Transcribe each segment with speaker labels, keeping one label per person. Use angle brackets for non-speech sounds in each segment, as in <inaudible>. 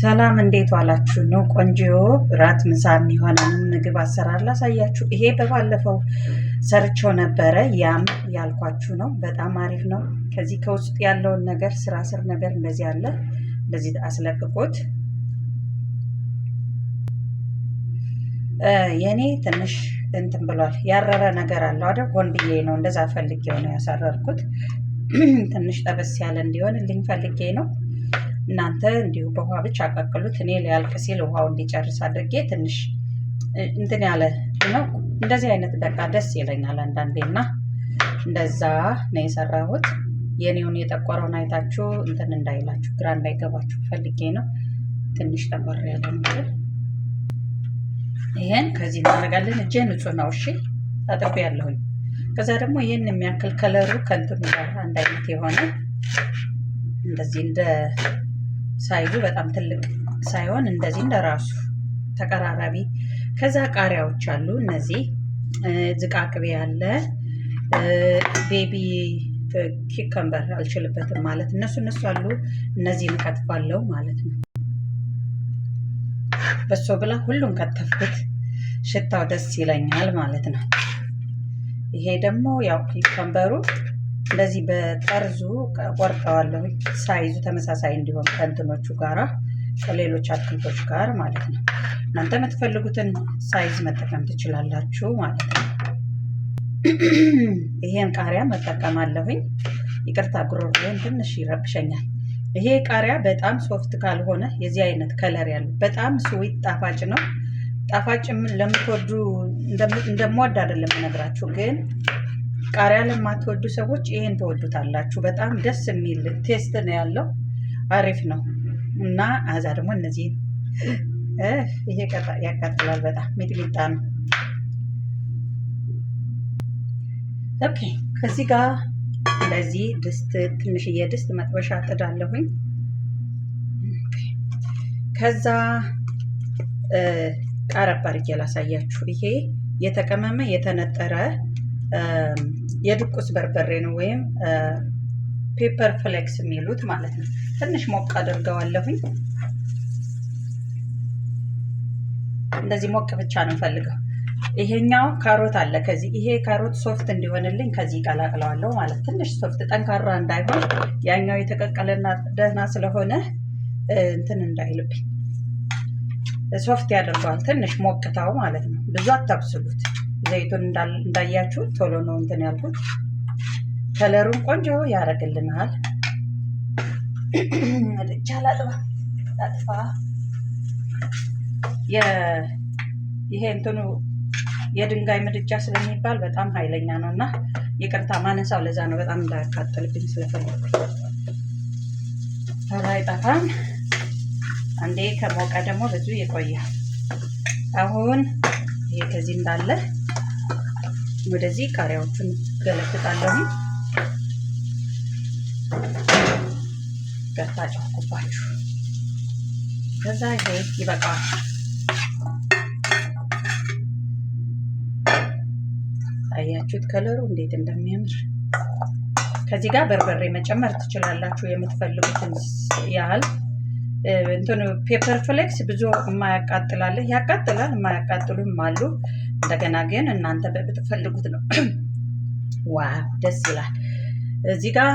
Speaker 1: ሰላም እንዴት ዋላችሁ? ነው ቆንጆ ራት ምሳ የሚሆነን ምግብ አሰራር ላሳያችሁ። ይሄ በባለፈው ሰርቸው ነበረ። ያም ያልኳችሁ ነው። በጣም አሪፍ ነው። ከዚህ ከውስጥ ያለውን ነገር ስራ ስር ነገር እንደዚህ አለ። እንደዚህ አስለቅቆት የእኔ ትንሽ እንትን ብሏል። ያረረ ነገር አለው አይደል? ሆን ብዬ ነው እንደዛ ፈልጌው ነው ያሳረርኩት። <clears throat> ትንሽ ጠበስ ያለ እንዲሆን ልኝ ፈልጌ ነው እናንተ እንዲሁ በውሃ ብቻ አቀቅሉት። እኔ ሊያልቅ ሲል ውሃው እንዲጨርስ አድርጌ ትንሽ እንትን ያለ ነው። እንደዚህ አይነት በቃ ደስ ይለኛል አንዳንዴ እና እንደዛ ነው የሰራሁት። የኔውን የጠቆረውን አይታችሁ እንትን እንዳይላችሁ ግራ እንዳይገባችሁ ፈልጌ ነው። ትንሽ ጠቆር ያለ ይሄን ከዚህ እናደርጋለን። እጄ ንጹህ ነው። እሺ ታጥቤ ያለሁኝ። ከዛ ደግሞ ይህን የሚያክል ከለሩ ከንትኑ ጋር አንድ አይነት የሆነ እንደዚህ እንደ ሳይዙ በጣም ትልቅ ሳይሆን እንደዚህ እንደራሱ ተቀራራቢ። ከዛ ቃሪያዎች አሉ እነዚህ ዝቃቅቤ ያለ ቤቢ ኪከምበር አልችልበትም ማለት እነሱ እነሱ አሉ። እነዚህን እከትፋለሁ ማለት ነው። በሶ ብላ ሁሉም ከተፍኩት ሽታው ደስ ይለኛል ማለት ነው። ይሄ ደግሞ ያው ኪከምበሩ እንደዚህ በጠርዙ ቆርጠዋለሁ። ሳይዙ ተመሳሳይ እንዲሆን ከእንትኖቹ ጋራ ከሌሎች አትክልቶች ጋር ማለት ነው። እናንተ የምትፈልጉትን ሳይዝ መጠቀም ትችላላችሁ ማለት ነው። <clears throat> ይሄን ቃሪያ መጠቀም ይቅርታ ጉሮሮን ትንሽ ይረብሸኛል። ይሄ ቃሪያ በጣም ሶፍት ካልሆነ የዚህ አይነት ከለር ያለው በጣም ስዊት ጣፋጭ ነው። ጣፋጭ ለምትወዱ እንደምወድ አይደለም ነግራችሁ ግን ቃሪያ ለማትወዱ ሰዎች ይሄን ተወዱታላችሁ። በጣም ደስ የሚል ቴስት ነው ያለው፣ አሪፍ ነው እና አዛ ደግሞ እነዚህ ይሄ ያቃጥላል በጣም ሚጥሚጣ ነው። ኦኬ ከዚህ ጋር እንደዚህ ድስት ትንሽዬ ድስት መጥበሻ ጥዳለሁኝ። ከዛ ቃረባር አድርጌ ይሄ የተቀመመ የተነጠረ የድቁስ በርበሬ ነው ወይም ፔፐር ፍሌክስ የሚሉት ማለት ነው። ትንሽ ሞቅ አድርገዋለሁኝ። እንደዚህ ሞቅ ብቻ ነው ፈልገው። ይሄኛው ካሮት አለ ከዚህ ይሄ ካሮት ሶፍት እንዲሆንልኝ ከዚህ ቀላቅለዋለሁ ማለት ትንሽ ሶፍት ጠንካራ እንዳይሆን ያኛው የተቀቀለና ደህና ስለሆነ እንትን እንዳይልብኝ ሶፍት ያደርገዋል። ትንሽ ሞቅታው ማለት ነው። ብዙ አታብስሉት። ዘይቱን እንዳያችሁ ቶሎ ነው እንትን ያልኩት። ከለሩን ቆንጆ ያደርግልናል። መጥቻ ላጥፋ። ይሄ እንትኑ የድንጋይ ምድጃ ስለሚባል በጣም ኃይለኛ ነው እና ይቅርታ ማነሳው ለዛ ነው፣ በጣም እንዳያቃጥልብኝ ስለፈለኩ ተላይ ጠፋም። አንዴ ከሞቀ ደግሞ ብዙ ይቆያል። አሁን ይሄ ከዚህ እንዳለ ወደዚህ ቃሪያዎቹን ገለብጣለሁ። ገታ ጨኩባችሁ ከዛ ይሄ ይበቃዋል። አያችሁት ከለሩ እንዴት እንደሚያምር። ከዚህ ጋር በርበሬ መጨመር ትችላላችሁ የምትፈልጉትን ያህል። እንትን ፔፐር ፍሌክስ ብዙ የማያቃጥላለህ ያቃጥላል፣ የማያቃጥሉም አሉ። እንደገና ግን እናንተ በምትፈልጉት ነው። <clears throat> ዋ ደስ ይላል። እዚህ ጋር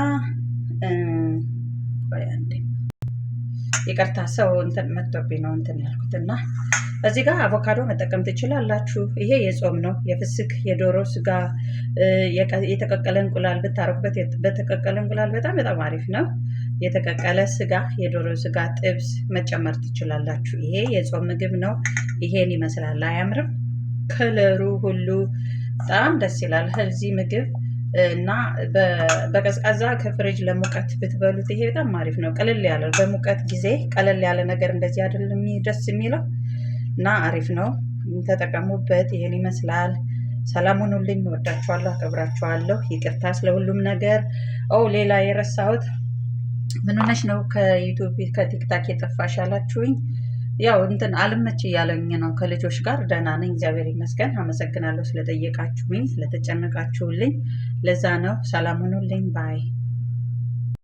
Speaker 1: ይቅርታ ሰው እንትን መጥቶብኝ ነው እንትን ያልኩትና እዚህ ጋር አቮካዶ መጠቀም ትችላላችሁ። ይሄ የጾም ነው። የፍስክ የዶሮ ስጋ የተቀቀለ እንቁላል ብታረጉበት፣ በተቀቀለ እንቁላል በጣም በጣም አሪፍ ነው። የተቀቀለ ስጋ፣ የዶሮ ስጋ ጥብስ መጨመር ትችላላችሁ። ይሄ የጾም ምግብ ነው። ይሄን ይመስላል። አያምርም? ከለሩ ሁሉ በጣም ደስ ይላል። እዚህ ምግብ እና በቀዝቃዛ ከፍሪጅ ለሙቀት ብትበሉት ይሄ በጣም አሪፍ ነው። ቀለል ያለ በሙቀት ጊዜ ቀለል ያለ ነገር እንደዚህ አይደለም ደስ የሚለው እና አሪፍ ነው። ተጠቀሙበት። ይሄን ይመስላል። ሰላም ሁኑልኝ። ወዳችኋለሁ፣ አከብራችኋለሁ። ይቅርታ ስለሁሉም ነገር። ኦ ሌላ የረሳሁት ምን ሆነሽ ነው ከዩቱብ ከቲክታክ የጠፋሽ አላችሁኝ። ያው እንትን አልመች እያለኝ ነው ከልጆች ጋር። ደህና ነኝ እግዚአብሔር ይመስገን። አመሰግናለሁ ስለጠየቃችሁኝ፣ ስለተጨነቃችሁልኝ። ለዛ ነው። ሰላም ሁኑልኝ ባይ